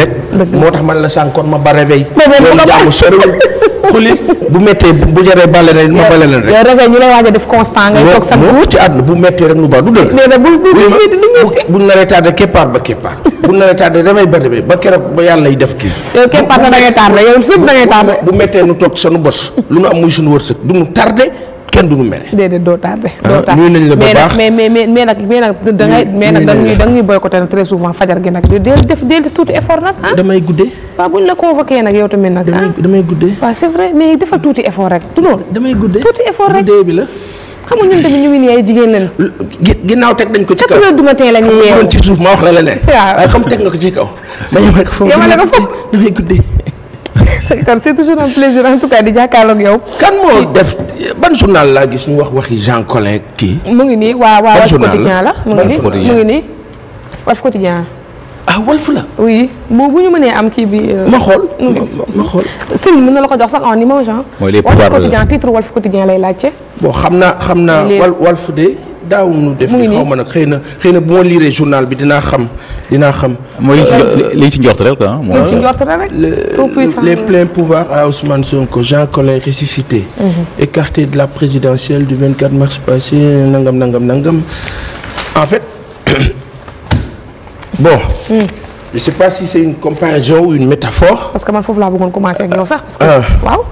rek. moo tax man la sànkoon ma ba réveil. loolu jàmm soriwul xuli bu méttee bu jaree bale na ma bale leen rek. yow réveil ñu lay waaj a def constant ngay toog sa ci àdduna bu méttee rek lu baax du dëgg. mais bu bu bu bu naree tardé keppaar ba keppaar. ba réveil ba keroog ba yàlla lay def kii. yow keppaar da ngay tardé yow fépp da ngay tardé. bu méttee nu toog bos. lu nu am muy sunu wërsëg du nu tardé. kenn du ñu mere. déedéet doo tardé. Ah, doo tardé nuyu nañ la bu baax mais mais mais mais nag mais nag da ngay mais nag da nga ñuy da nga ñuy boycotté nag très souvent fajar gi nag di def di def tuuti effort nag ah. damay guddee. waaw buñ la convoqué nag yow tamit nag. damay ah. damay guddee. waaw c'est vrai mais defal tuuti effort rek du loolu. damay guddee tuuti effort rek guddee bi la. xam nga ñun tamit ñu ngi nii ay jigéen lañ. ginnaaw teg nañ ko ci kaw quatre heures du matin la ñuy yeewu ci suuf ma wax la leneen. waaw waaye comme teg nga ko ci kaw. ma yemale ko foofu damay guddee kon c'est toujours un plaisir en tout cas di jàkkaarloog yow. kan moo def ban journal laa gis ñu wax waxi Jean Collin kii. mu ngi nii waaw waaw Walf Quotidien la mu ngi nii mu ngi nii Walf Quotidien. ah Walf la. oui bu bu ñu mënee am kii bi. Euh, ma xool ma xool. Serigne mën na la ko jox sax en image. mooy les pouvoirs Walf euh, Quotidien titre Walf Quotidien lay bon xam naa xam naa Walf de. daaw nu def ni nag xëy na xëy na bu ma liiree journal bi dinaa xam dinaa xam. mooy li ñu euh, ci njort rek ah. moom ci à Ousmane Sonko Jean Collin ressuscité. Mhm. écarté de la présidentielle du 24 mars passé nangam nangam en fait bon. Hmm. je sais pas si c'est une comparaison ou une métaphore. parce que man foofu laa bëggoon commencer ak yow sax. parce que ah. waaw.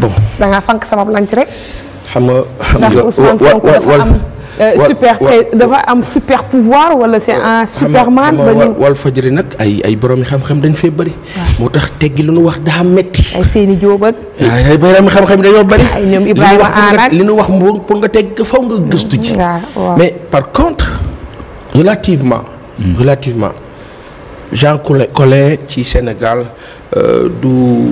bon da sama lanc rek. xam nga xam nga dafa am euh, super dafa am super pouvoir wala c'est un superman. ba ñu wal fajri nag ay ay borom xam-xam dañ fee bari moo tax teggi lu nu wax daa metti ay seeni jóob ak. ay borom xam-xam dañoo bëri. ay ñoom Ibrahima li nu wax moom pour nga tegg faw nga gëstu ci. mais par contre. relativement. Hmm. relativement. Jean Collin ci Sénégal. Euh, du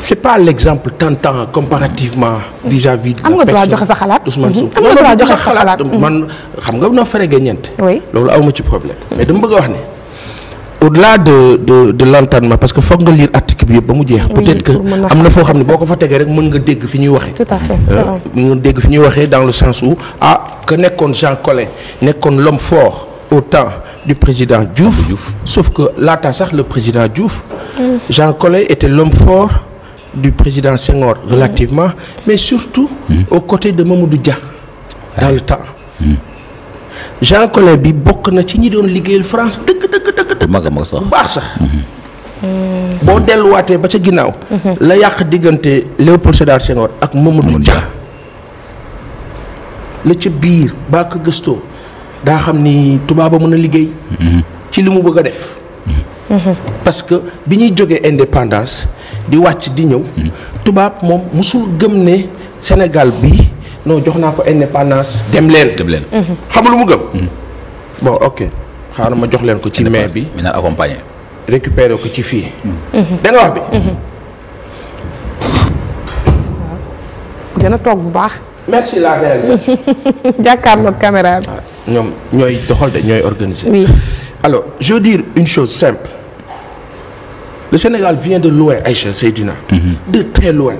c'est pas l'exemple tentant comparativement vis-à-vis de la personne joxe sa xalaat Ousmane mhm. Sonko am nga droit joxe sa xalaat mhm. man xam nga noo fere gagnant loolu awma ci problème mais dama bëgg a wax ne au-delà de de de l'entendement parce que foog nga lire article bi yëpp ba mu jeex peut-être que am na foo xam ne boo ko fa tegee rek mën nga dégg fi ñuy waxee tout à euh, nga dégg fi ñuy waxee dans le sens où ah que nekkoon Jean Collin nekkoon l'homme fort au temps du président Diouf. Diouf. sauf que laata sax le président Diouf. Mmh. Jean Collin était l'homme du président Senghor mm. relativement mais surtout. Mm. au côté de Mamadou Dia. dans le temps. Mm. Jean Collin bi bokk na ci ñi doon liggéeyal France dëgg dëgg dëgg. bu mag a mag sax baax sax. Mm-hmm. boo delluwaatee ba ca ginnaaw. Mm-hmm. la yàq diggante Léopold Sédar Senghor ak Mamadou Dia. la ca biir baa ko daa xam ni tubaaba mën a liggéey. Mm-hmm. ci li mu bëgg a def. Mm-hmm. Mm-hmm. parce que bi ñuy jógee indépendance di wàcc di ñëw. tubaab moom musul gëm ne Sénégal bi non jox naa ko indépendance dem leen. dem leen xam lu mu gëm. bon ok xaaral ma jox leen ko. ci mai bi mi na accompagner. récupérer ko ci fii. da nga wax bi. waaw dina toog bu baax. jàkkaarloog caméra ñoom ñooy doxal de ñooy organiser. oui alors je veux dire une chose simple le Sénégal vient de loin Aïcha Seydina. Mm-hmm. de très loin.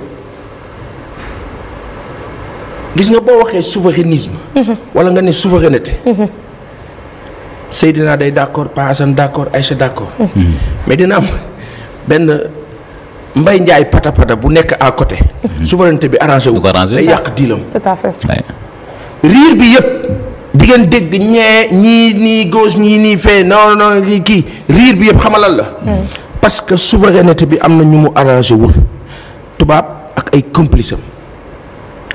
gis nga boo waxee souverainisme. Mm-hmm. wala nga ne souveraineté. Mm-hmm. Seydina day d' accord Pa Assane d' accord Aïcha d' accord. mais dina am benn mbay njaay pata pata bu nekk à côté. bi arrangé day yàq diilam. riir bi yëpp. di ngeen dégg ñee ñii nii gauche ñii nii fee non non kii riir bi yëpp xamalal la. Hmm. parce que souveraineté bi am na ñu mu arrangé wul tubaab ak ay complice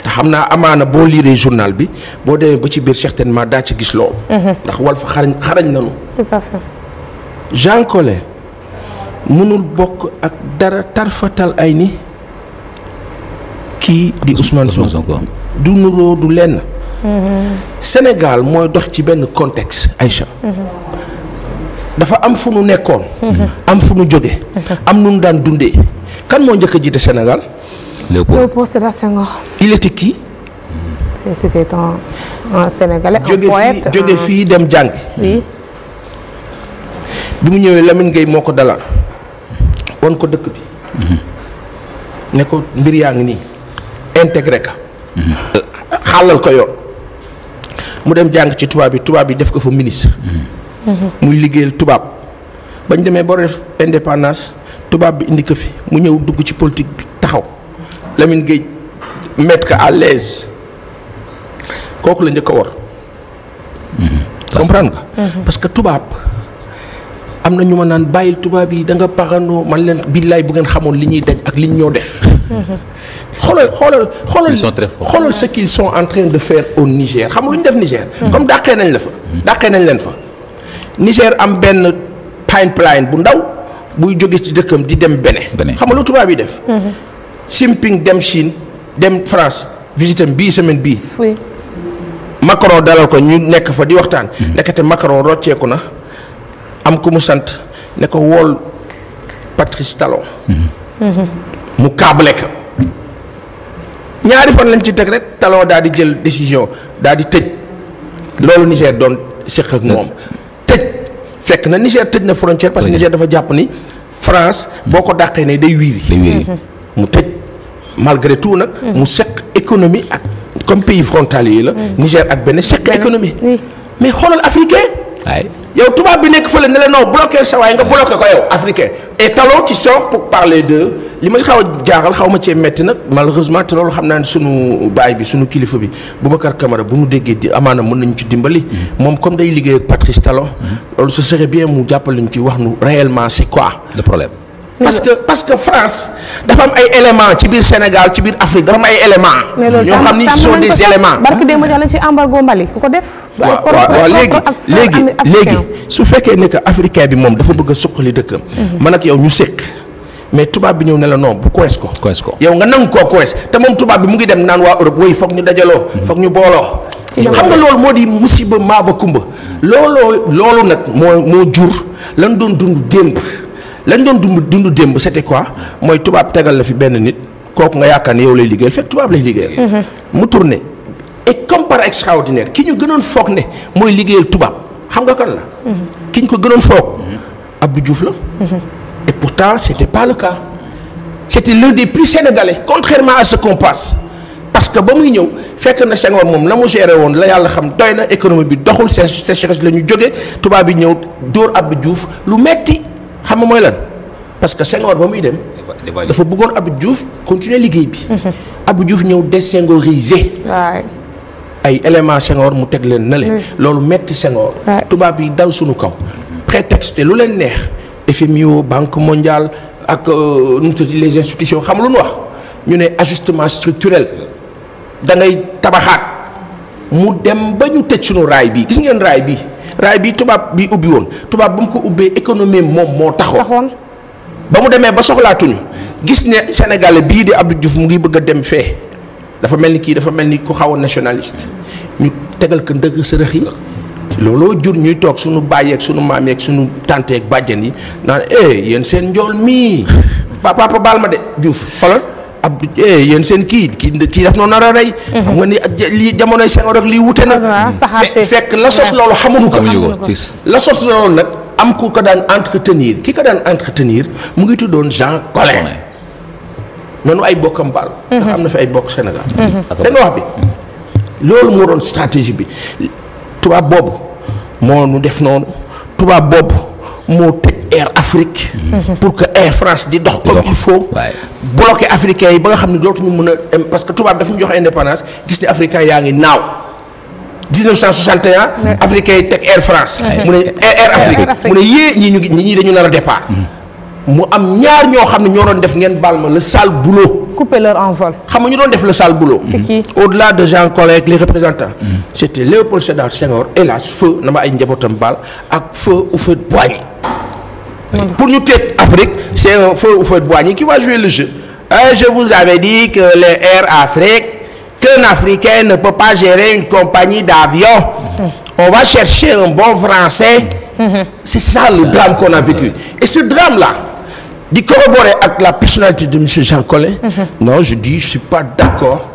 te xam naa amaana boo liiree journal bi boo demee ba ci biir certainement daa ci gis loolu. Hmm. ndax Walf xarañ xarañ nañu. tout Jean Collin mënul bokk ak dara tarfatal ay ni kii di Ousmane Sonko du nuroo du lenn. Sénégal mooy dox ci benn contexte Aïcha dafa am fu nu nekkoon am fu nu jóge am nu daan dundee kan moo njëkk a jiite Sénégal Léopold Sédar Senghor il était qui c'était un jóge fii dem jàng bi mu ñëwee Lamine Gueye moo ko dalal won ko dëkk bi ne ko mbir yaa ngi nii intégré ka mhm. xàllal ko yoon mu dem jàng ci tubaab bi tubaab bi def ko fa ministre. muy liggéeyal tubaab bañ demee boo def indépendance tubaab bi indi ko fi mu ñëw dugg ci politik bi taxaw Lamine Gueye mettre ko à l'aise kooku la njëkk a war. Mm-hmm. comprendre nga. Mm-hmm. parce que tubaab am na ñu ma naan bàyyil tubaab yi da nga paxanoo man leen billaay bu ngeen xamoon li ñuy daj ak li ñoo def. Mm-hmm. xoolal xoolal xoolal xoolal ce qu'ils son en train de faire au Niger xam nga lu ñu def Niger. Hmm. comme dàqee nañ la fa. dàqee nañ leen fa. Niger am benn pipeline bu ndaw buy jóge ci dëkkam di dem bene xam nga lu tubaab yi def. Simping hmm. dem Chine dem France visitam bii semaine bii. oui Macron dalal ko ñu nekk fa di waxtaan. Hmm. nekkate Macron rocceeku na am ku mu sant ne ko wool Patrice Talon. mu kaabale ñaari fan lañ ci teg rek taloo daal di jël décision daal di tëj loolu Niger doon séq ak moom tëj fekk na Niger tëj na frontière parce que Niger dafa jàpp ni France boo ko dàqee ne day wiiri mm-hmm. mu tëj malgré tout nag mm-hmm. mu seq économie ak comme pays frontalier yi la mm-hmm. Niger ak benn seq économie mais xoolal africain yow tubaab bi nekk fële ne la non bloqué sa waay nga bloqué ko yow africain et talon qui sort pour parler de li ma xaw a jaaxal xaw ma cee metti nag malheureusement te loolu xam naa ne suñu baay bi sunu kilifa bi Boubacar Camara bu mu déggee di amaana mën nañu ci dimbali. moom comme day liggéey ak Patrice Talon. Mm-hmm. loolu ce serait bien mu jàppale ñu ci wax nu réellement c'est quoi le problème. parce que parce que France dafa am ay éléments ci biir Sénégal ci biir Afrique dafa am ay éléments. ñoo xam ni ce sont des éléments. barke démb jàll ci embargo Mali ku ko def. waaw waaw léegi léegi su fekkee ne que africain bi moom dafa bëgg a suqali dëkkam. Mhm. man ak yow ñu séq mais tubaab bi ñëw ne la non bu koes ko. koes ko yow nga nangu koo koes te moom tubaab bi mu ngi dem naan waa Europe woy foog ñu dajaloo. Mhm. foog ñu booloo. xam nga loolu moo di musiba maaba kumba looloo loolu moo moo jur lan doon dund démb. lañ doon dund dund démb c'était quoi mooy tubaab tegal la fi benn nit kooku nga yaakaar ne yow lay liggéeyal fekk tubaab lay liggéeyal. Mm-hmm. mu tourné et comme par extraordinaire ki ñu gënoon foog ne mooy liggéeyal tubaab xam nga kan la. Mm-hmm. ki ñu ko gënoon foog. Mm-hmm. Abdou Diouf la. et pourtant c'était pas le cas. c'était l'un des plus sénégalais contrairement à ce qu'on parce que ba muy ñëw fekk na Senghor moom la mu géré woon la yàlla xam doy na économie bi doxul sécheresse la ñu jóge tubaab bi ñëw dóor Abdou Diouf lu metti xam nga mooy lan parce que Senghor ba muy dem. dafa bëggoon Abdou juuf continuer liggéey bi. Mm-hmm. Abdou juuf ñëw désengoriser. ay éléments Senghor mu teg leen nale mm-hmm. loolu metti Senghor. tubaab yi dal suñu kaw. prétexte lu leen neex FMI banque mondiale ak euh, nu mu tudd les institutions xam lu nu wax ñu ne ajustement structurel da ngay tabaxaat mu dem ba ñu tëj suñu raay bi gis ngeen raay bi. raay bi tubaab bi ubbi woon tubaab ba mu ko ubbee économie moom moo taxoon ba mu demee ba soxlaatuñu gis ne Sénégal bii di Abdou juuf mu ngi bëgg a dem fee dafa mel ni kii dafa mel ni ku xaw a ñu tegal ko ndëgg sërëx yi looloo jur ñuy toog suñu bàyyeeg suñu maam suñu tànteek bàjjan yi naan eh yéen seen njool mii papa papa baal ma de Diouf xoolal ab eh, yéen seen kii kii kii daf noo nar a rey. Mhm. xam nga ni lii jamonoy Senghor ak lii wute na. Ah, fekk la sos loolu xamuñu ko. la sos loolu nag am ku ko daan entretenir ki ko daan entretenir mu ngi tuddoon Jean Collin. noonu ay bokkam baal. Mhm. ndax am na fi ay bokk Sénégal. Mhm. da wax bi loolu moo doon stratégie bi tubaab boobu moo nu def noonu tubaab boobu moo teg Air Afrique. pour que Air France di dox. comme il faut bloqué africains yi ba nga xam ne dootuñu mun a parce que tubaab dafa ñu jox indépendance gis ne africain yaa ngi naaw. 1961. africain yi teg Air France. mu ne Air Afrique mu ne yee ñii ñu ngi ñii dañu nar a départ. Mm. mu am ñaar ñoo xam ne ñoo doon def ngeen baal ma le sale boulot. couper leur envol. xam nga ñu doon def le sale boulot. c'est qui mm-hmm. au-delà de Jean Collin ak les représentants. Mm-hmm. c'était Léopold Sédar Senghor hélas feu na ma ay njabootam baal ak feu Pour ñu téye Afrique c'est un euh, feu Houphouët-Boigny qui va jouer le jeu. Euh, je vous avais dit que les Afrique qu'un Africain ne peut pas gérer une compagnie d'avions. On va chercher un bon français. C'est ça le drame qu'on a vécu. Et ce drame-là di corroborer ak la personnalité de monsieur Jean Collin. Mhm. Non, je dis je suis pas d'accord.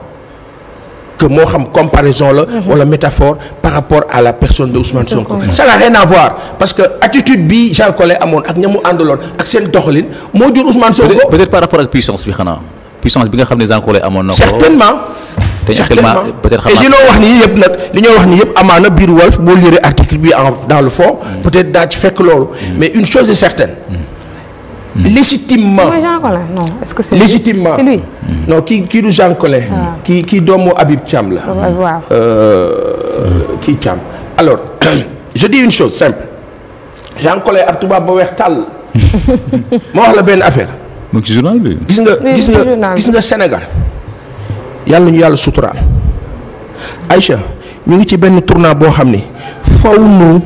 que moo xam comparaison la. Mhm. wala métaphore par rapport à la personne de Ousmane Sonko. ça n'a rien à voir parce que attitude bi Jean Collin amoon ak ña mu àndaloon ak seen doxalin moo jur Ousmane Sonko. peut-être par rapport ak puissance bi xanaa puissance bi nga xam ne Jean amoon na certainement. li ñoo wax nii yëpp nag li ñoo wax nii yëpp amaana biir Walf boo lire article bi en dans le fond. Mm. peut-être daa ci fekk loolu. Mm. mais une chose est Mm. légitimement. mooy Jean que c'est légitimement c'est lui kii mm. kii du Jean Collin. kii ah. kii doomu Habib Thiam la. waaw kii mm. euh, Thiam. alors Jean Collin ab tubaab ba weex tàll. ma wax la benn affaire. moom ci journal bi. gis nga gis nga gis nga Sénégal yàlla ñu yàlla suturaal. Aïcha ñu ngi ci benn tournant boo xam ni faw nu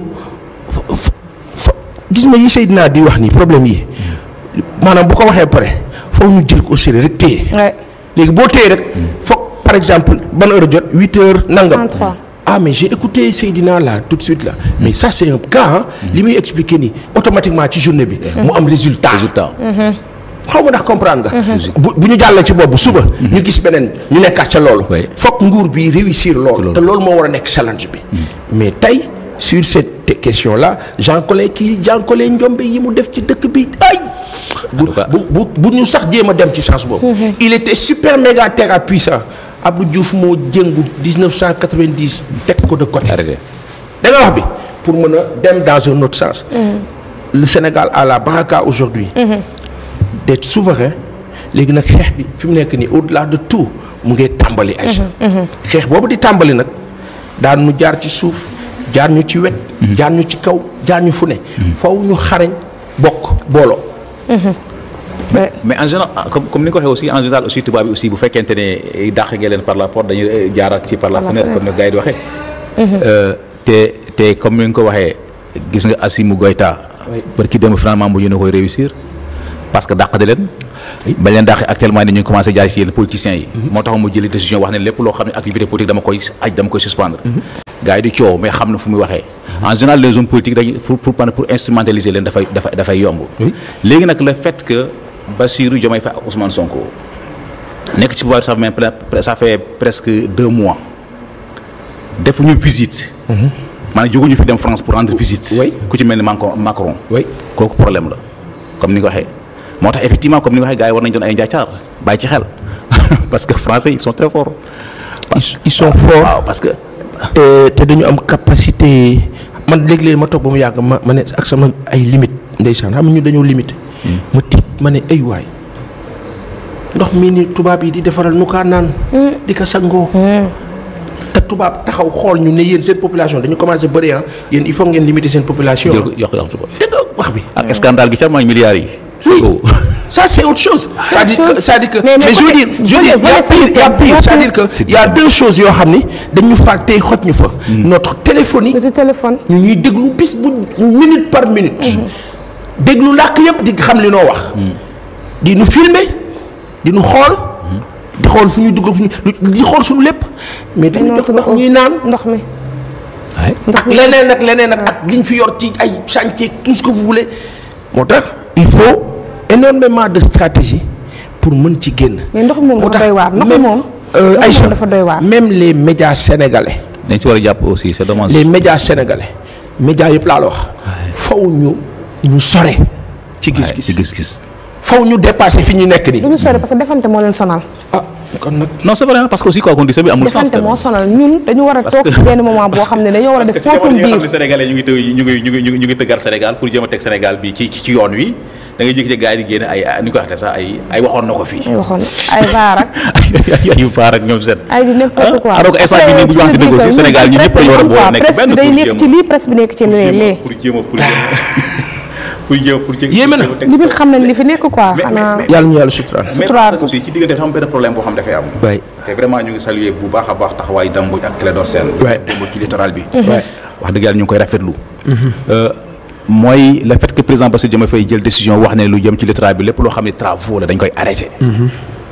gis nga yi Seydina di wax ni problème yi. maanaam bu ko waxee pare foog ñu jël ko au sérieux rek téye. léegi boo téye rek foog par exemple ban heure jot huit heures nangam. ah mais j'ai écouté Seydina là tout de suite là mais ça c'est un cas mm. li muy expliqué nii automatiquement ci journée bi. Mm-hmm. mu am résultat. Mm-hmm. xaw ma ndax comprendre nga. Mm-hmm. bu bu ñu jàllee ci boobu suba. ñu gis beneen ñu nekkaat ca loolu. fokk nguur bi réussir loolu. te loolu moo war a nekk challenge bi. Mm. mais tey. sur cette question la Jean Collin kii Jean Collin Njombe yi mu def ci dëkk bi ay. bu bu bu ñu sax jéem a dem ci sens boobu. Mhm. il était super méga terra puissant Abdou Diouf moo jëngu 1990 teg de côté. da nga wax bi pour mën a dem dans un autre sens. Mhm. le Sénégal à la baraka aujourd'hui mhm. d'être souverain léegi nag xeex bi fi mu nekk nii au la de tout mu ngi tàmbali. ay xeex boobu di tàmbali nag daan nu jaar ci suuf. jaar ñu ci wet. Mhm. jaar ñu ci kaw jaar ñu fu ne. Mhm. faw ñu xarañ bokk booloo. Mhm. mais mais en général ah, comme comme ni nga ko waxee aussi en général aussi tubaab bi aussi bu fekkente ne eh, dàq ngeen leen par rapport porte eh, jaaral ci par la fenêtre comme ni gars yi di waxee. Euh, te te comme ni nga ko waxee gis nga Assimi Goïta. oui parce que dem finalement bu ñu ne koy réussir parce que dàq di leen. bañ leen dàqee actuellement ni ñu ngi commencé jaay si yenn politiciens yi moo tax mu jëli décision wax ne lépp loo xam ne activité politique dama koy aj dama koy suspendre gars yi coow mais xam na fu muy waxee mhm. en général les hommes politiques dafay yomb léegi nag le fait que Bassirou Diomaye Faye ak Ousmane Sonko nekk ci pouvoir ça fait ça presque deux mois defuñu visite mhm. maanaam jóguñu fi dem France pour rendre visite ku ci mel ni Macron kooku problème la comme ni nga waxee moo tax effectivement comme ni nga waxee gars yi war nañu doon ay njaacaar bàyyi ci xel parce que français ils sont très forts. ils sont forts waaw parce que. Euh, te dañu am capacité man léeg-léeg ma toog ba mu yàgg ma ma ne ak sama ay ndey ndeysaan xam ñu dañoo limité. Hmm. ma tiit ma ne ay waay ndox mii nii tubaab yi di defaral nu kaa naan. Hmm. di ko sangoo. Hmm. te tubaab taxaw xool ñu ne yéen seen population dañu commencé bëri ah yéen il faut ngeen limiter seen population. jël ko yokk wax bi. ak scandale yi. Oui. Ça c'est autre chose. sa ah, à dire que c'est-à-dire que mais, mais, mais je dire a pire, c'est-à-dire que il y a deux choses yoo xam ne dañu fa tey xoj ñu fa. Hmm. notre téléphonie. notre téléphone. ñu ñuy déglu bis bu minute par minute. Hmm. déglu làkk yëpp di xam li noo wax. Hmm. di nu dinu xool. di xool fu ñuy dugg fu ñuy di xool suñu lépp. mais dañuy jox ndox ñuy naan ndox mi. ak leneen ak leneen ak ak liñ fi yor ci ay chantier tout ce que vous voulez moo tax. il faut énormément de stratégie pour mën ci génn. mais ndox moom dafa doy waar euh, ndox moom. Aïcha dafa doy waar même les médias sénégalais. dañ ci war a jàpp aussi c'est dommage. les médias sénégalais médias yëpp laa la wax. faw ñu ñu sore. ci gis-gis ci gis-gis. faw ñu dépassé fi ñu nekk nii. du ñu sore parce defante moo leen sonal. Ah, kon nag non c'est vrai parce que aussi quoi qu'on dise bi amul sens defante moo sonal ñun dañu war a ne pour jëm a teg nekk ci lii presse bi nekk ci lee lee. kuy yéeme na li ngeen nekk quoi. am benn ñu ngi saluer bu baax a baax taxawaayu Dame Mbodj ak Clédor Sène. waay ci littoral bi. Mhm. wax dëgg yàlla ñu ngi koy rafetlu. Mhm. Euh, mooy le fait que président Bassirou Diomaye Faye jël décision wax ne lu jëm ci littoral bi lépp loo xam ne travaux la dañ koy arrêté. Mhm.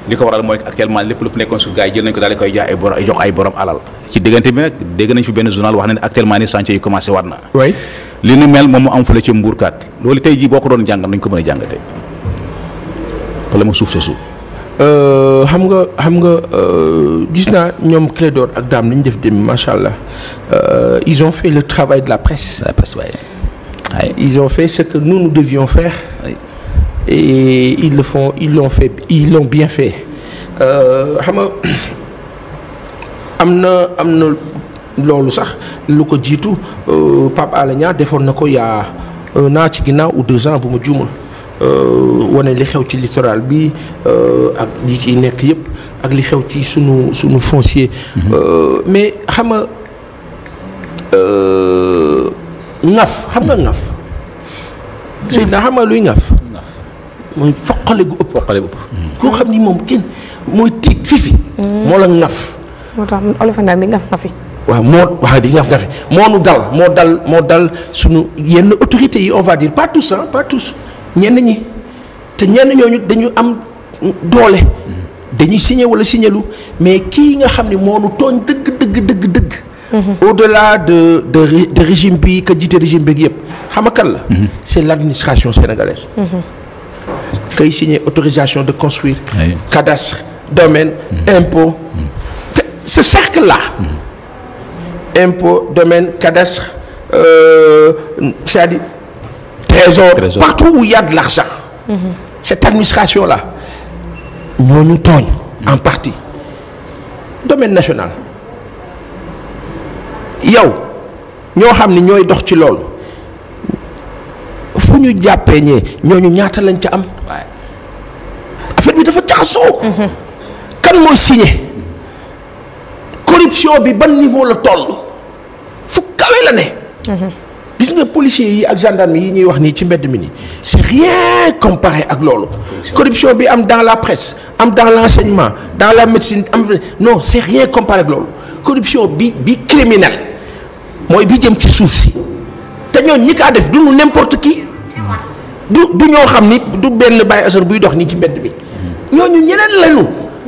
li ko waral mooy actuellement lépp lu fi nekkoon suuf gars yi jël nañ ko daal di koy jox ay borom jox ay borom alal ci diggante bi nag dégg nañ fi benn journal wax na ne actuellement ni chantier yu commencé waat na li ni mel moom mu am fële ci mbuurkaat loolu tey jii boo ko doon jàngat nañ ko mën a jàngate problème suuf soosu euh, xam nga xam nga euh, gis naa ñoom Clédor ak daam li ñu def dem macha allah euh, ils ont fait le travail de la presse. la ils ont fait ce que nous nous devions et ils le font ils l'ont fait ils l'ont bien fait euh, xam am na am na loolu sax lu ko jiitu euh, Pape Alé Niang defoon na ko yaa naa ci ginnaaw ou deux ans bu ma juumul euh, wane li xew ci littoral bi ak li ci nekk yëpp ak li xew ci sunu sunu foncier. Mhm. mais xam nga ngaf xam ngaf. Mhm. Seydina xam nga luy ngaf. mooy foqale gu ëpp. foqale gu ëpp. koo xam ni moom kenn mooy tiit fifi. Mm. moo la ngaf. moo tax olofanaam bi ngaf ngafi. waaw moo wax di ngaf ngafi moo nu dal moo dal moo dal suñu yenn autorités yi on va dire pas tous ah pas tous ñenn ñi te ñenn ñooñu dañu am doole. dañuy signé wala signé lu mais kii nga xam ne moo nu tooñ dëgg dëgg dëgg dëgg. Mm-hmm. au-delà de de de régime bi ka jiite régime beeg yëpp xam nga kan la. Mm-hmm. c'est l'administration sénégalaise. Mmh. kay signer autorisation de construire. Oui. cadastre domaine. Mmh. impôt te mm. ce cercle là. Mm. impôt domaine cadastre euh, c'est-à-dire trésor, trésor mm-hmm. administration là ñoo ñu tooñ. en mm. partie domaine national yow ñoo xam ni ñooy dox ci loolu fu ñu jàppee ñee ñooñu ñaata lañ ca am. affaire bi dafa jaxasoo. kan mooy signé corruption bi ban niveau la toll fu kawe la ne. gis nga policiers yi ak gendarme yi ñuy wax nii ci mbedd mi nii c'est rien comparé ak loolu. corruption bi am dans la presse am dans la l'enseignement dans la médecine am non c'est rien comparé ak loolu corruption bi bi criminel mooy bi jëm ci suuf si te ñooñu ñi def du n'importe qui. du du ñoo xam ni du benn bàyyi asar buy dox nii ci mbedd bi. ñooñu ñeneen lañu.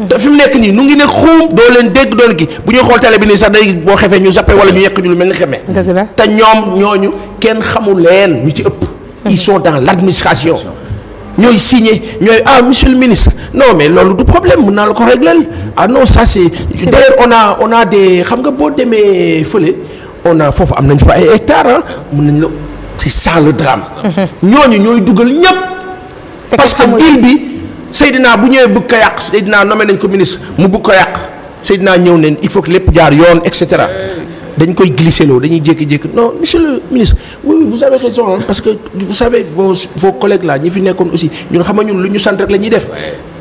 te fi mu nekk nii nu ngi ne xuum doo leen dégg doon gi bu ñuy xool télé bi nii sax day boo xefee ñu zappé wala ñu yekk ñu lu mel ni xeme. dëgg te ñoom ñooñu kenn xamul leen ñu ci ëpp. Mhm. ils sont dans l'administration. ñooy signé ñooy ah monsieur le ministre non mais loolu du problème mën naa la ko réglal ah non ça c'est d'ailleurs on a on a des xam nga boo demee fële on a foofu am nañ fa ay hectares ah. mun nañ la si ça le drame. Mhm. ñooñu ñooy dugal ñëpp. parce que bi. seyd naa bu ñëwee bëgg ko yàq naa nommé nañ ko ministre mu bëgg ko yàq naa ñëw neen il faut lépp jaar yoon et cetera dañ koy glissé loo dañuy jékki-jékki non monsieur le ministre oui vous avez raison parce que vous savez foo vos collègues ñi fi nekkoon aussi ñun xam nga ñun lu ñu sant rek la def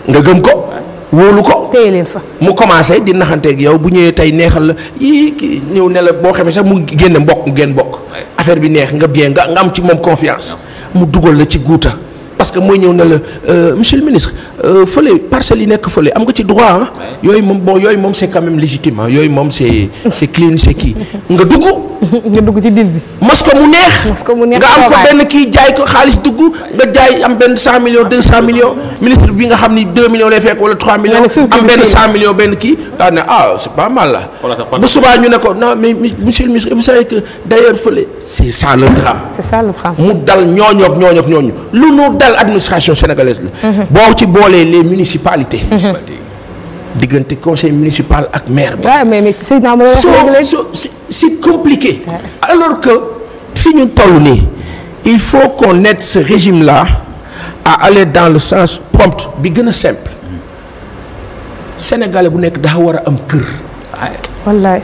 nga gëm ko wóolu ko téye fa mu commencé di naxanteeg yow bu ñëwee tey neexal la yii kii ñëw ne la boo xamee sax mu génn mbokk mu génn bokk affaire bi neex nga bien nga nga am ci moom confiance mu dugal la ci guuta parce que mooy ñëw ne la euh, monsieur le ministre euh, fële parcelles yi nekk fële am nga ci droit ah. yooyu moom bon yooyu moom c' est quand même légitime yooyu moom c' est c' est clean c' est kii nga dugg. nga dugg ci dil bi. mos ko mu neex. nga am fa benn kii jaay ko xaalis dugg nga jaay am benn 100 millions 200 millions ministre bi nga xam ni 2 millions lay fekk wala 3 millions. am benn 100 millions benn kii daa ne ah c' est pas mal là. bu subaa ñu ne ko non mais mu dal ñooñu alal administration sénégalaise la. Mhm. boo ci boolee les municipalités. Mhm. diggante conseil municipal ak maire bi. waaw mais mais soo c'est compliqué. alors que fi ñu toll nii il faut qu'on aide ce régime là à aller dans le sens prompt bi gën a simple mhm. sénégalais bu nekk daa war a am kër.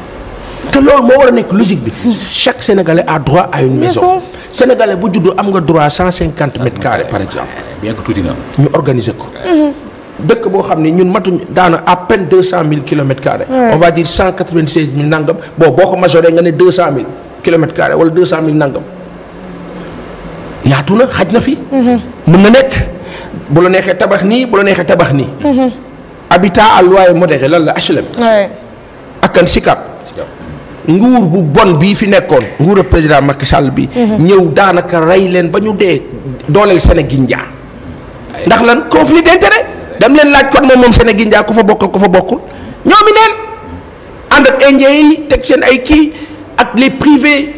te loolu moo war a nekk logique bi. chaque sénégalais a droit à une maison. maison. sénégalais bu juddoo am nga droit cent cinquante mètres carrés par exemple. bien que tuuti ñu organiser ko. dëkk boo xam ne ñun matuñ daana à peine deux cent mille kilomètres carrés. on va dire cent quatre vingt seize mille nangam bon boo ko majoré nga ne deux cent mille kilomètres carrés wala deux cent mille nangam yaatu na xaj na fi. Mhm. mën na nekk bu la neexee tabax nii bu la neexee tabax nii. Mhm. habitat à loyer modéré lan la HLM. ak kan SICAP. nguur bu bon bii fi nekkoon nguuru président Macky Sall bi mhm. ñëw daanaka rey leen ba ñu dee dooleel Sénégindia ndax lan conflit d'intérêt dem leen laaj kon moom moom Sénégindia ku fa bokk ku fa bokkul ñoomi neen ànd ak indien yi teg seen ay kii ak les privés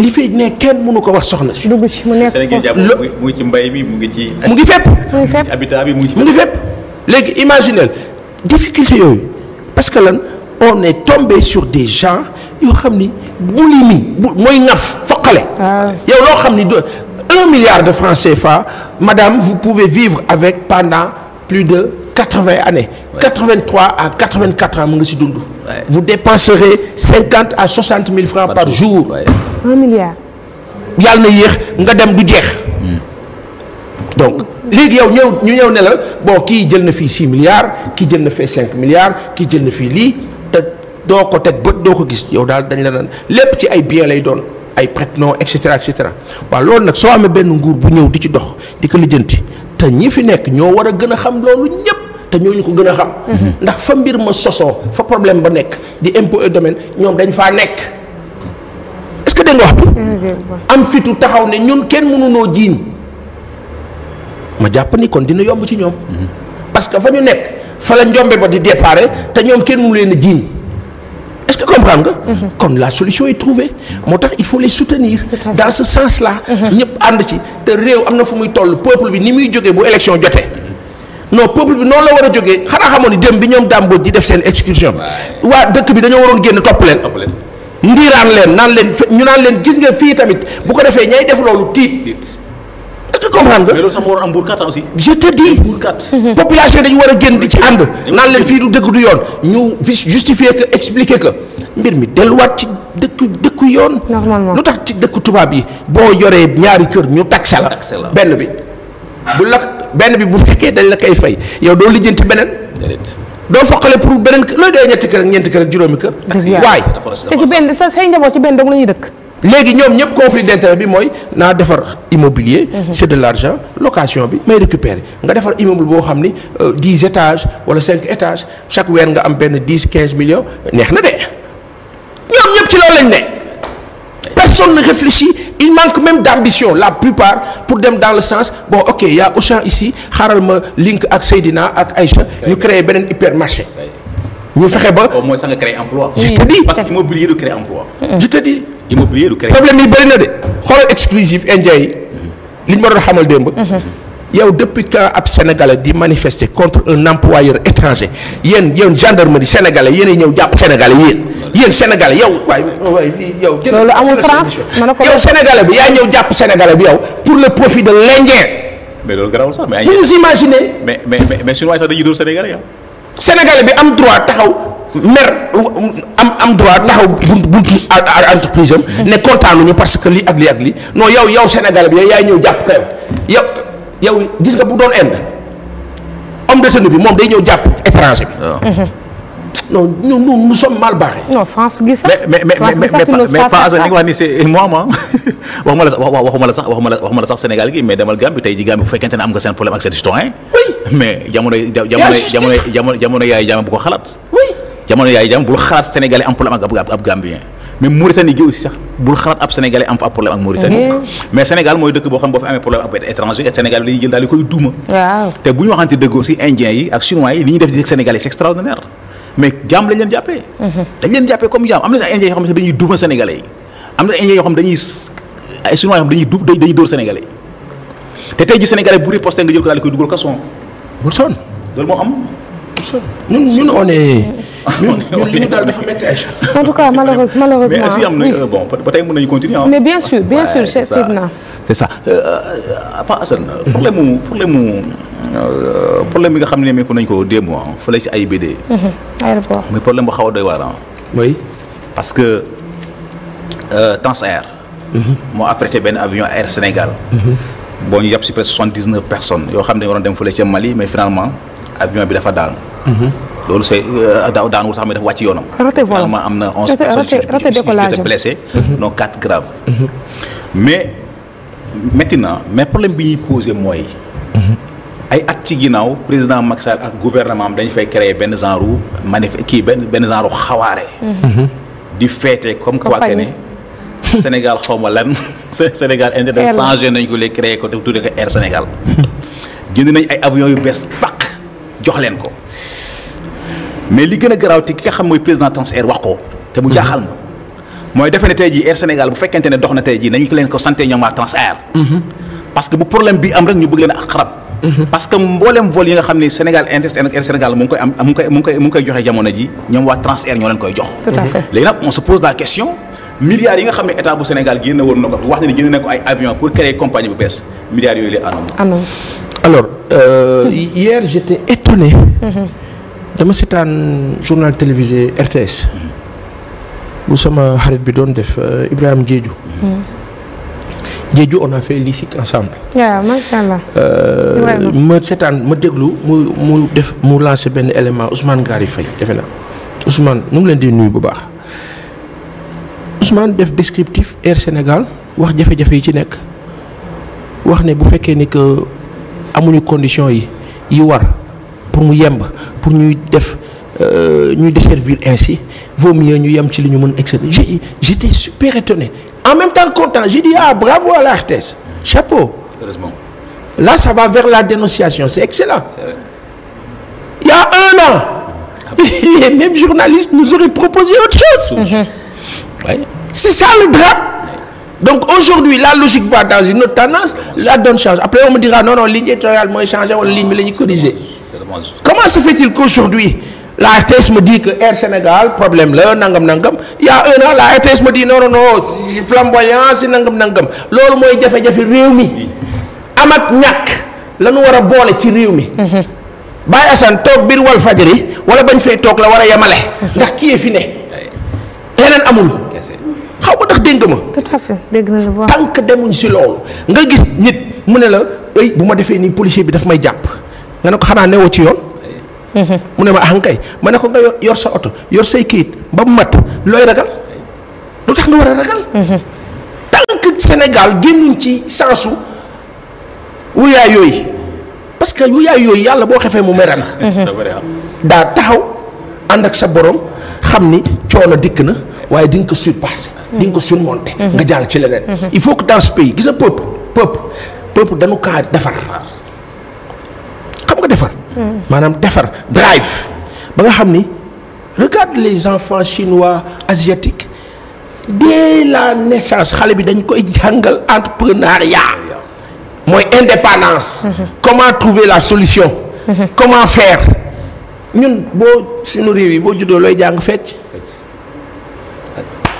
li fi ne kenn mënu ko wax soxna si. dugg ci mu nekk mu ngi ci mu ngi ci. mu ngi fépp mu ngi fépp habitat bi mu ngi fépp léegi imaginez difficulté yooyu parce que lan. on est tombé sur des gens yoo xam ni boulimie bu mooy ŋaf foqale. Ah. yow loo xam ni de un milliard de francs CFA madame vous pouvez vivre avec pendant plus de quatre-vingts années. Ouais. 83 à 84 ans mu nga si dund. vous dépenserez cinquante à soixante mille francs par jour. Ouais. un milliard. yàlla na yéex nga dem du jeex. Hmm. donc léegi yow ñëw ñu ñëw nela la bon kii jël na fii 6 milliards kii jël na fee 5 milliards kii jël na fii lii. doo ko teg bët doo ko gis yow daal dañ la naan lépp ci ay bien lay doon ay prête-noms et cetera waaw loolu nag soo amee benn nguur bu ñëw di ci dox di ko lijjanti te ñi fi nekk ñoo war a gën a xam loolu ñëpp te ñooñu ko gën a xam. Mm-hmm. ndax fa mbir ma sosoo fa problème ba nekk di impôt et domaine ñoom dañ faa nekk est-ce que dégg nga wax bi. Mm-hmm. am fitu taxaw ne ñun kenn mënunoo jiiñ ma jàpp ni kon dina yomb ci ñoom. Mm-hmm. parce que fa ñu nekk fa la njombe ba di déparé te ñoom kenn mënu leen a jiiñ. est-ce que comprendre nga. Mhm. kon la solution est trouvée moo tax il faut les soutenir. dans ce sens là. Mhm. ñëpp ànd ci te réew am na fu muy toll peuple bi ni muy jógee bu élection jotee. non peuple bi noonu la war a jógee xanaa xamoon ni dem bi ñoom dàmboo di def seen excursion bi waa dëkk bi dañoo waroon génn topp leen. ndiiraan leen naan leen ñu naan leen gis nga fii tamit bu ko defee ñay def loolu tiit. que comprendre nga. mais loolu sax moo war am buurkat aussi. te dis buurkat. Mm-hmm. dañu war a génn di ci ànd. naan leen fii du dëgg du yoon ñu justifier que expliquer que mbir mi delluwaat ci dëkku dëkku yoon. lu tax ci dëkku tubaab yi boo yoree ñaari kër ñu taxe la. benn bi bu la benn bi bu fekkee dañ la koy fay yow doo lijjanti beneen. doo foqale pour beneen kër looy doon ñetti kër ak ñeenti kër ak juróomi kër. waaye te si benn sa say njaboot ci benn dong la ñuy dëkk. léegi ñoom ñëpp conflit d'intérêt bi mooy naa defar immobilier. Mhm. c'est de l'argent location bi may récupérer nga defar immeuble boo xam ni euh, dix étages wala cinq étages chaque weer nga am benn dix quinze millions neex na de ñoom ñëpp ci loolu lañ ne. personne ne il manque même d'ambition la plupart pour dem dans le sens bon ok y a Auchan ici xaaral ma link ak Seydina ak Aïcha ñu créer beneen hypermarché. ñu fexe ba au moins ça nga immobilier du créé. problème yi bëri na de xoolal exclusif indien yi li ñu ma doon xamal démb. yow depuis quand ab sénégalais di manifester contre un employeur étranger yéen yéen gendarmerie sénégalais yéenay ñëw jàpp sénégalais yéen. yéen sénégalais yow waay waay yow. loolu amul France mën na ko yow bi yaa ñëw jàpp sénégalais bi yow pour le profit de l'Indien. mais loolu garaawul sax mais. vous mais mais mais chinois sax dañuy dóor sénégalais yow. bi am droit taxaw. mer am am droit taxaw buntu buntu entreprise am. ne kontaanuñu parce que lii ak lii ak lii non yow yow Sénégal bi yow yaay ñëw jàpp kayam yow yow gis nga bu doon Inde homme de tenue bi moom day ñëw jàpp étranger bi. Ah. Mhm. non ñun nous nous sommes mal barrés. non France gi sax mais mais mais mais Pa Assane li nga wax ni c'est moom ah waxuma la sax waxuma la sax waxuma la waxuma la sax Sénégal gi mais demal Gambie tey ji Gambie bu fekkente ne am nga seen problème ak seen citoyen. oui mais jamono jamono jamono jamono yaay jaama bu ko xalaat. oui. jamono yaay jam bul xalaat sénégalais am problème ak ab gambien mais Mauritanie gi aussi sax bul xalaat ab sénégalais am fa ab problème ak Mauritanie eh. mais Sénégal mooy dëkk boo xam boo fi amee problème ak étranger et dañuy jël daal di koy duuma waaw te bu ñu waxante dëgg aussi indien yi ak chinois yi li ñuy def di sénégalais c'est extraordinaire mais jaam lañ leen jàppee mhm. dañ leen jàppee comme am na sax indien yoo xam ne yi am na indien yoo am bul sonn ñun li ñu daal dafa métti Aïcha. en tout cas malheureuse, malheureusement mais am nañu euh, bon ba tey mën nañu continuer ah. mais bien sûr bien sûr c'est ça c'est ça euh, euh, Pa Assane. problème mu problème mu problème bi nga xam ne meeku nañu ko démb ah fële ci AIBD. Mhm. aéroport muy problème bu xaw a doy waar ah. oui parce que Transair. Mhm. moo affrété benn avion Air Sénégal. Mhm. boo ñu yàpp ci presque soixante-dix-neuf personnes yoo xam ne dañu waroon dem fële ca Mali mais finalement avion bi dafa daanu. loolu c'est euh, daaw daan wul sax mi dafa wàcc yoonam. raté am na onze personnes qui mhm. quatre graves. Mhm. mais maintenant mais problème bi ñuy posé mooy. Mhm. ay at ci ginnaaw président Macky Sall ak gouvernement am dañ fay créer benn genre manif ki benn benn genre xawaare. di féete comme quoi que ne Sénégal xaw ma lan. Sénégal internet changé nañ ko léegi créé ko te tuddee ko Air Sénégal. jënd nañ ay avions yu bees pàq jox leen ko. mais li gën a garaaw te ki nga xam mooy président Transair wax ko. te mu mhm. jaaxal ma mooy defe ne tey jii Air Sénégal bu fekkente ne dox na tey jii nañu ko leen ko santé ñoom waa Transair. Mhm. parce que bu problème bi am rek ñu bëgg leen a xarab. Mhm. parce que mboolem vol yi nga xam ne Sénégal Inter Air Sénégal mu ngi koy am mu ngi koy mu ngi koy joxe jamono ji ñoom waa Transair ñoo leen koy jox. tout nag on se pose la question. milliards yi nga xam ne état bu dama seetaan journal télévisé RTS bu sama xarit bi doon def euh, Ibrahima Diédhiou. jéeju hmm. on a fait l'ISIC ensemble. waaw macha euh, ma seetaan ma déglu mu mu def mu lancé benn élément Ousmane Ngari Faye defe naa Ousmane nu ngi leen di nuyu bu baax Ousmane def descriptif Air Sénégal wax jafe-jafe yi ci nekk wax ne bu fekkee ni que amuñu condition yi yi war. pour mu yemb pour ñuy def euh, ñuy desservir ainsi vaut mieux ñu yem ci li ñu mën excéder j' j'étais super étonné en même temps content j'ai dit ah bravo à la RTS chapeau. là ça va vers la dénonciation c' excellent. il y a un an. les mêmes journalistes nous auraient proposé autre chose. oui c'est le drame. donc aujourd'hui la logique va dans une autre la donne change après on non non ligne éditoriale mooy changé wala ligne bi la ñuy corriger. Comment se fait-il qu'aujourd'hui, la RTS me dit que Air Sénégal, problème là, nangam nangam. Il y a la RTS me dit non, non, non, c'est flamboyant, c'est nangam nangam. Lolo moi, j'ai fait, j'ai fait réuni. Amak nyak, là nous aurons bolé, tu réuni. Mhm. Baye Hassan, tok bir wal fajri, wala bañ fay tok la wara yamale. Mhm. Ndax qui est fini? Leneen amul. xaw ma ndax dégg ma. tout à demuñ si loolu nga gis nit mu ne la ay bu ma defee nii policier bi daf may jàpp. nga ne ko xanaa newoo ci yoon. Mhm. mu ne ma ah kay ma ne ko nga yor sa oto yor say kayit ba mu mat looy ragal lu tax nga war a ragal. Mhm. tant que Sénégal génnuñ ci sensu wuyaay yooyu parce que wuyaay yooyu yàlla boo xefee mu mere mhm. la. daa taxaw ànd ak sa borom xam ni coono dikk na waaye di nga ko surpassé. di nga ko surmonté. nga jàll ci leneen. il faut que dans ce pays gis nga peuple peuple peuple dañu kaa defar. nga defar. maanaam defar drive ba nga xam ni regarde les enfants chinois asiatiques dès la naissance xale bi dañ koy jàngal entrepreneuriat mooy indépendance. comment trouver la solution. comment faire ñun boo suñu réew yi boo juddoo looy jàng fecc.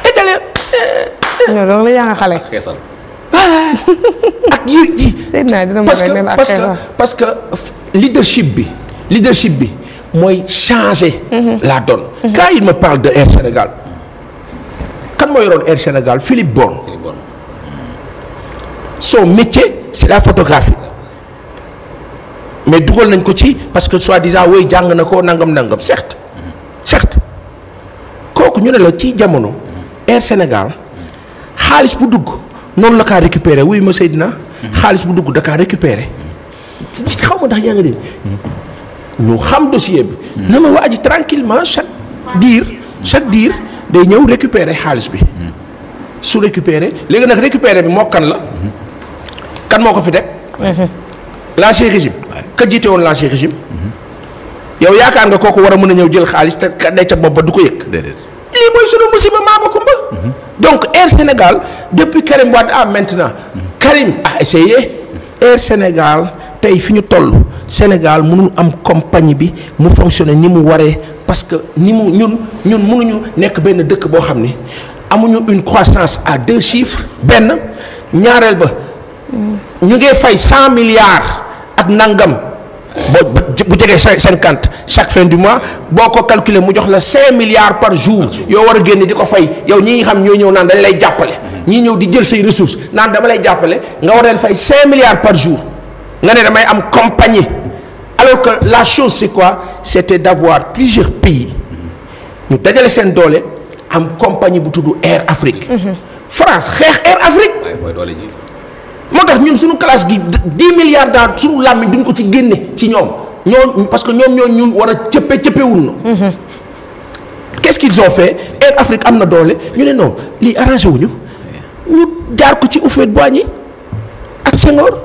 étale. loolu la yaa xale. ak yu ji. parce que parce que parce que leadership bi leadership bi mooy changer. Mhm. la donne. Mhm. quand il me parle de Air Sénégal kan moo yoroon Air Sénégal Philippe Bon. son métier c'est la photographie mais dugal nañ ko ci parce que soit di woy jàng na ko nangam-nangam certes mhm. certes kooku ñu ne ci jamono Air Sénégal xaalis bu dugg. noonu la kaa récupéré wuy ma Seydina. xaalis bu dugg da kaa récupéré xaw ma ndax yaa nga dégg ñu xam dossier bi. na ma waa ji tranquillement chaque diir chaque diir day ñëw récupérer xaalis bi. su récupéré léegi nag récupéré bi moo kan la. kan moo ko fi teg. l'ancien régime. ka jiite woon l'ancien régime. yow yaakaar nga kooku war a mën a ñëw jël xaalis te ka ne ca bopp ba du ko yëg. lii mooy sunu musiba maa ko kumba. donc Air Sénégal depuis Karim Wade à ah, maintenant Karim a essayé Air Sénégal tey fi ñu toll Sénégal mënul am compagnie bi mu fonctionner ni mu waree parce que ni mu ñun ñun mënuñu nekk benn dëkk boo xam ni amuñu une croissance à deux chiffres benn ñaareel ba ñu ngee fay cent milliards ak nangam. boo bu jegee cinquante chaque fin du mois boo ko calculer mu jox la cinq milliards par jour yoo war a génne di ko fay yow ñi ngi xam ñoo ñëw naan dañ lay jàppale ñii ñëw di jël say ressources naan dama lay jàppale nga war leen fay cinq milliards par jour nga ne damay am compagnie alors que la chose c'est quoi c'était d'avoir plusieurs pays ñu dajale seen doole am compagnie bu tudd Air Afrique mm-hmm. France xeex Air Afrique moo tax ñun suñu classe gi 10 milliards daal suñu làmmiñ duñ ko ci génne ci ñoom ñoo parce que ñoom ñoo ñu war a cëppe cëppewul na. quest fait Air Afrique am na doole ñu ne non lii arrangé wuñu ñu jaar ko ci Houphouët-Boigny ak Senghor.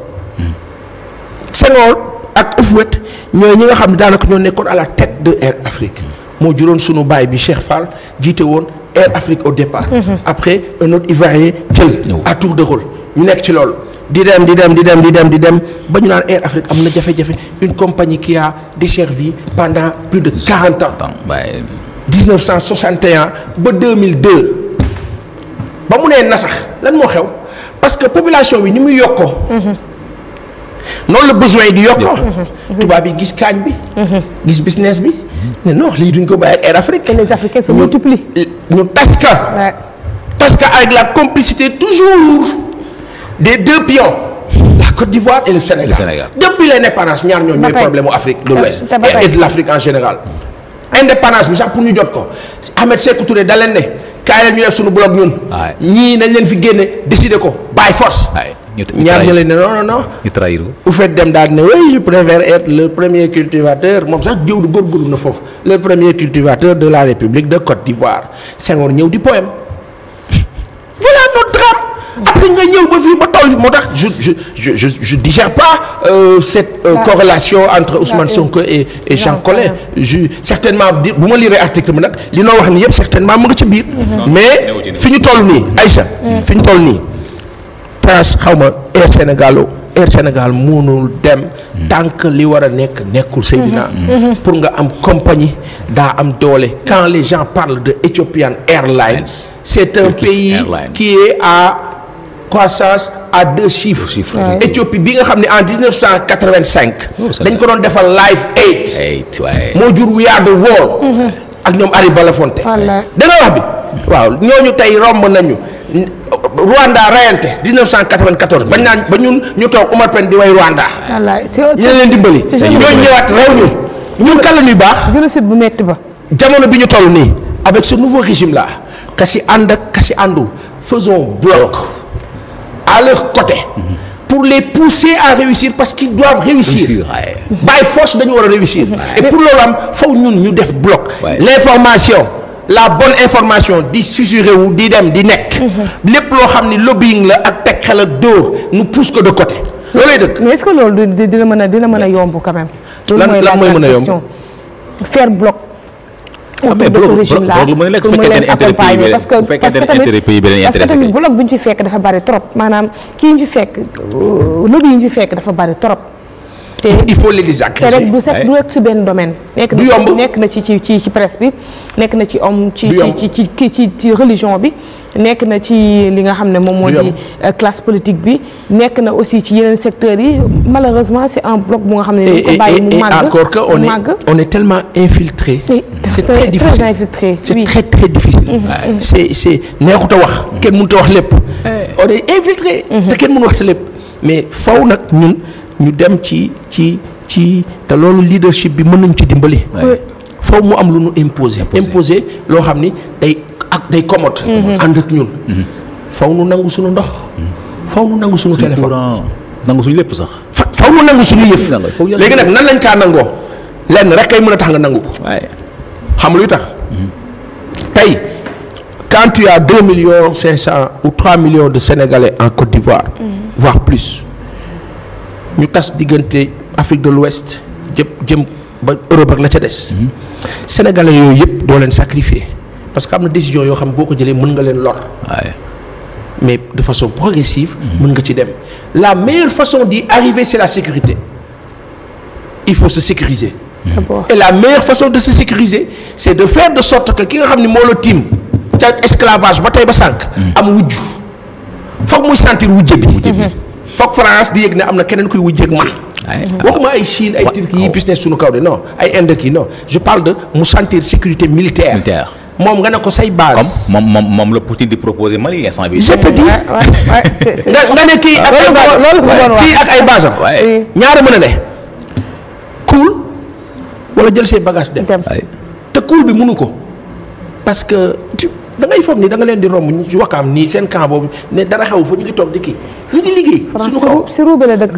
ak Houphouët ñooy ñi nga xam ne daanaka ñoo nekkoon à la tête de Air Afrique moo juróon suñu baay bi Cheikh Fall jiite woon Air Afrique au départ. Mm-hmm. après un autre de rôle ñu nekk ci loolu. di dem di dem di dem di dem di dem ba ñu naan Air Afrique am na jafe-jafe une compagnie qui a desservi pendant plus de quarante ans. waaye. dix neuf cent soixante et un ba deux mille mu nee nasax lan moo xew parce que population bi ni muy yokkoo. Mm-hmm. noonu la besoin yi di yokkoo. Mm-hmm. Mm-hmm. tubaab yi gis kaañ bi. gis business bi. ne non lii duñ ko bàyyi Air Afrique. ñu tas ka. tas ka la complicité toujours. des deux pions la Côte d'Ivoire et le Sénégal. le Sénégal depuis ñaar ñooñu. ñooy problème mu Afrique de l'Ouest et de l'Afrique en général. indépendance bi sax pour ñu jot ko Ahmed Sékou Touré da leen ne kaay la def suñu bloc ñun. ñii nañ leen fi génne décider ko by force. ñaar ñu leen ne non non non. ñu trahir bu fait dem daal ne oui je préfère être le premier cultivateur moom sax jiw góorgóorlu na foofu le premier cultivateur de la République de Côte d'Ivoire Senghor ñëw di poème voilà notre drame. après nga ñëw ba fii ba toll moo tax je je je je digère pas euh, cette euh, corrélation entre Ousmane Sonko et et Jean Collin je certainement di bu ma lire article bi nag li noo wax ni yëpp certainement mu ngi ci biir. mais fi ñu toll nii Aïcha. Mm. fi ñu toll nii trans xaw ma Air Sénégalo Air Sénégal mënul dem mm. tant li war a nekk nekkul Seydina mm-hmm. Mm-hmm. Mm-hmm. pour nga am compagnie daa am doole quand les gens parlent de Ethiopian Airlines c'est un pays qui est croissance à deux chiffres. chiffres Éthiopie bi nga xam ne en 1985. dañ ko doon defal live aid. moo jur We Are The World. Mhm. ak ñoom Harry Belafonte. da nga wax bi. waaw ñu tey romb nañu. Rwanda rayante 1994 bañ naan ba ñun ñu toog Omar Pène di way Rwanda. wallaay leen dimbali. te ñooñu ñëwaat réew ñu. ñun kan la baax. génocide bu métti ba. jamono bi ñu toll nii. avec ce nouveau régime là. kasi ànd ak kasi àndul faisons bloc. à leur côté. pour les pousser à réussir parce qu'ils doivent réussir by force dañu war a réussir et pour loolu am faw ñun ñu def bloc l'information la bonne information di susurré wu di dem di nekk mhm. lépp loo xam ni lobbying la ak teg xel ak dóor nu pousse ko de côté loolay dëkk mais est-ce que loolu dina mën a dina mën a yomb quand même lan mooy mën a yomb faire bloc ah mais bloc bloc mooy nekk su fekkee ne intérêt pays bi parce que parce que tamit parce que tamit bloc fekk dafa bari trop maanaam kii ñu fekk lobby yi ñu fekk dafa bari trop. il faut les désengager te rek du set du rek si benn domaine. nekk na ci nekk na ci ci presse bi nekk na ci homme. ci ci ci ci ci religion bi. nekk na ci li nga xam ne moom moo di euh, classe politique bi nekk na aussi ci yeneen secteurs yi malheureusement c'est un bloc bu nga xam ne dañ ko bàyyi mu màgg encore que on est on est infiltré c'est très difficile c'est très très difficile mm-hmm. c'est c'est a wax kenn mënut wax lépp on est infiltré mm-hmm. te kenn mënu wax lépp mais faw nag ñun ñu dem ci ci ci te loolu leadership bi mën nañu ci dimbali. faw mu am lu ñu imposer. imposer loo xam ni day ak day commode. Mhm. ànd ak ñun. Mhm. faw nu nangu suñu ndox. Mhm. faw nu nangu suñu téléphone nangu suñu lépp sax. faw nu nangu suñu yëf. léegi nag nan lañ kaa nangoo lenn rek kay mën a tax nga nangu ko. xam luy tax. tey quand tu as deux millions cinq cent ou trois millions de sénégalais en Côte d'Ivoire. voire plus. ñu tas diggante Afrique de l'Ouest jëm jëm ba Europe ak la ca des. Mhm. Sénégalais yooyu yëpp doo leen sacrifier parce que am na décision yoo xam boo ko jëlee mën nga leen lor. mais de façon mhm. mën nga ci dem la meilleure façon d'y arriver c'est la sécurité il faut se sécuriser. Mmh. et la meilleure façon de sécuriser c'est de faire de sorte que ki nga xam ni moo la tiim ca esclavage ba tey ba sànq. Mhm. am wujj foog muy sentir wujje bi. foog France di yëg ni am na keneen kuy wujjeeg man. waxuma ay Chine ay Turquie yi business suñu kaw de non ay Inde kii non je parle de mu sentir sécurité militaire. moom nga ne ko say base. comme moom moom moom la Poutine di proposer Mali instant bi. je te dis nga ne kii ak ay base kii ak ay base a ne. cool wala jël say bagage dem. te cool bi mënu ko parce da ngay foog ni da nga leen di romb ñu ci wakkaam nii seen camp boobu ne dara xew fa ñu ngi toog di ñu ngi liggéey. suñu kaw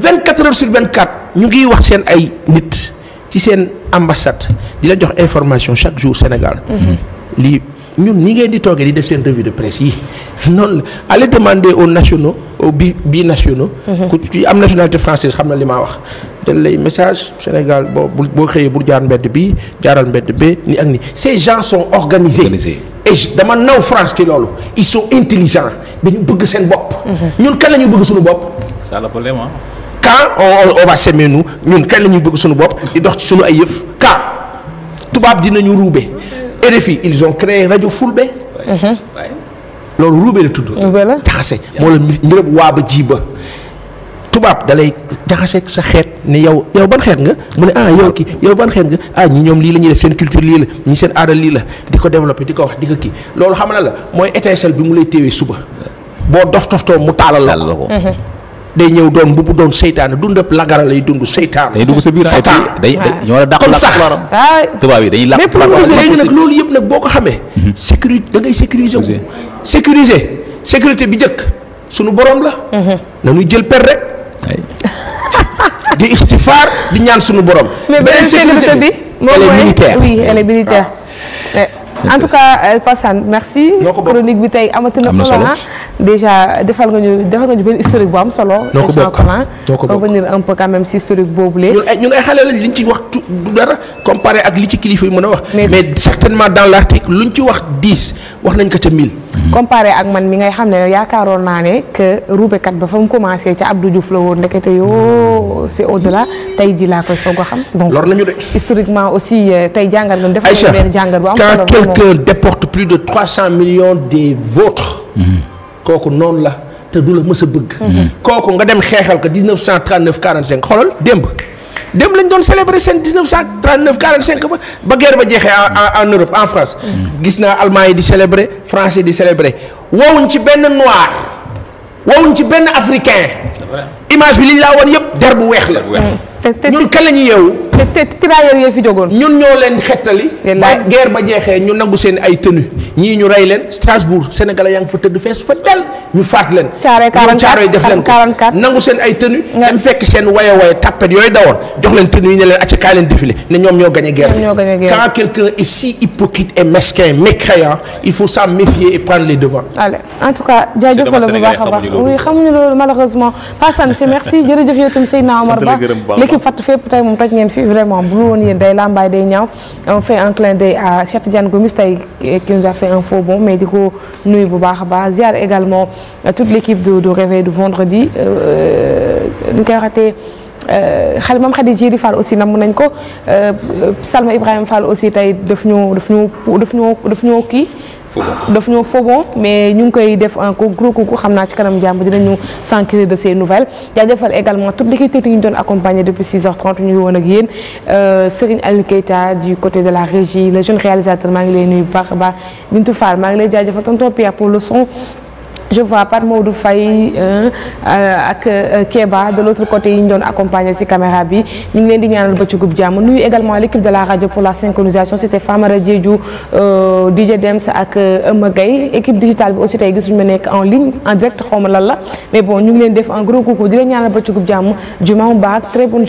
vingt quatre heures sur vingt quatre ñu ngi wax seen ay nit ci seen ambassade di la jox information chaque jour Sénégal. Mm-hmm. lii ñun ñi ngeen di toogee di def seen revue de presse yi noonu la allez demander nationaux aux bi binationaux. Mm-hmm. ku ci am nationalité française xam na li maa wax. dañ lay message Sénégal boo boo xëyee bul jaar mbedd bi jaaral mbedd bi ni ak ni ces gens sont organisés. organisés. et dama naw France ci loolu ils sont intelligents dañu bëgg seen bopp. ñun kan la ñu bëgg suñu bopp. ça le problème hein. quand on on va semer nous ñun kan la ñuy ci suñu ay yëf quand tubaab dinañu ruube. RFI ils ont créé rajo Fulbe. loolu ruube la tudd. ruube moo la mbirab waa ba ji tubaab dalay jaxaseeg sa xeet ne yow yow ban xeet nga mu ne ah yow ki yow ban xeet nga ah ñi ñoom lii la ñuy def seen culture lii la ñi seen aada lii la di ko développé di ko wax di ko kii loolu xam la mooy étincelle bi mu lay téewee suba boo dof toftoo mu taalal la ko mhm. day ñëw doon bu doon seytaane dundab lagara lay dund seytaane. day comme sax tubaab yi dañuy làq loolu yëpp nag boo ko xamee. Mhm. sécurité da ngay sécuriser wu. sécuriser sécurité bi njëkk sunu borom di istifaar di ñaan suñu borom. beneen sécurité bi mooy militaire oui elle est militaire. Ah. en tout cas euh, Fassane merci. chronique bi tey amati na solo ah. déjà defal nga ñu defal nga ñu benn historique bu am solo. noo ko bokk noo ko bokk revenir un peu quand même si historique boobu lee. ñun ay ñun ay xale lañ liñ ci wax tu dara comparé ak li ci kilifa yi mën a wax. mais certainement dans l' article ñu ci wax dix wax nañ ko ca mille. Mhm. comparé ak man mi ngay xam ne yaakaaroon naa ne que ruubekat ba fa mu commencé ca Abdou Diouf la woon ndekete yoo c'est au delà tey ji laa koy soog a xam. donc lor nañu de. historiquement aussi euh, tey jàngat nga defal ñu benn jàngat bu am solo. quand quelqu'un déporte de 300 mhm. kooku noonu la te du la mës a bëgg. Mhm. kooku nga dem xeexal ko 1939 cinq xoolal démb. dem lañ doon célébrer seen 1939 45 ba ba guerre ba jeexee en en Europe en France. Mm. gis naa Allemagne di célébrer français di célébrer wowuñ ci benn noir wowuñ ci benn africain. image bi li ñu laa woon yëpp der bu weex la. Mm. ñun kan la ñuy yeewu. te tirailleurs yee fi jógoon. ñun ñoo leen xettali. ba guerre ba jeexee ñu nangu seen ay tenue ñii ñu rey leen Strasbourg Sénégalais yaa ngi fa tëdd fees fa del ñu faat leen. caare 44 def leen nangu seen ay tenue dem fekk seen waye waye tapet yooyu dawoon jox leen tenue yi ne leen acca kaay leen défilé ne ñoom ñoo gagné guerre bi. quand quelqu'un est si hypocrite et mesquin mécréant il faut s'en méfier et prendre les devants. en tout cas jaajëfal la bu baax a xamuñu loolu malheureusement vraiment bu woon yéen day làmbaay day ñaaw on fait un clin d'œil à Cheikh Tidiane Gomis tey qui nous a bond mais di ko nuyu bu baax a baax ziar également euh, toute l'équipe du du réveil du vendredi euh, ñu koy waxatee euh, xale moom Khady Diéry Fall aussi namm nañ ko Salma Ibrahima Fall aussi tey daf ñu daf ñu kii daf ñoo fobon mais ñu ngi koy def en gros concours xam naa ci kanam jàmm dinañu s'enquérir de ces nouvelles jaajëfal également toute l'équipe technique ñu doon accompagné depuis 6h30 ñu ngi woon ak yéen euh, Serigne Aliou Keita du côté de la régie le jeune réalisateur maa ngi lay nuyu bu baax a baax Bintou Fall maa ngi lay jaajëfal tonton Pierre pour le son je vois Pape Maodou Faye euh, euh, ak euh, Kéba de l' autre côté yi ñu doon accompagner ci caméra bi ñu ngi leen di ñaanal bëccëgub jàmm nuyu également l' équipe de la radio pour la synchronisation c' était Famara Diédhiou DJ Dems ak Eumeu Gueye équipe digitale bi aussi tey gisuñu ma nekk en ligne en direct xawma lan la mais bon ñu ngi leen def un gros coucou di leen ñaanal bëccëgub jàmm jumaa mu baax très bonne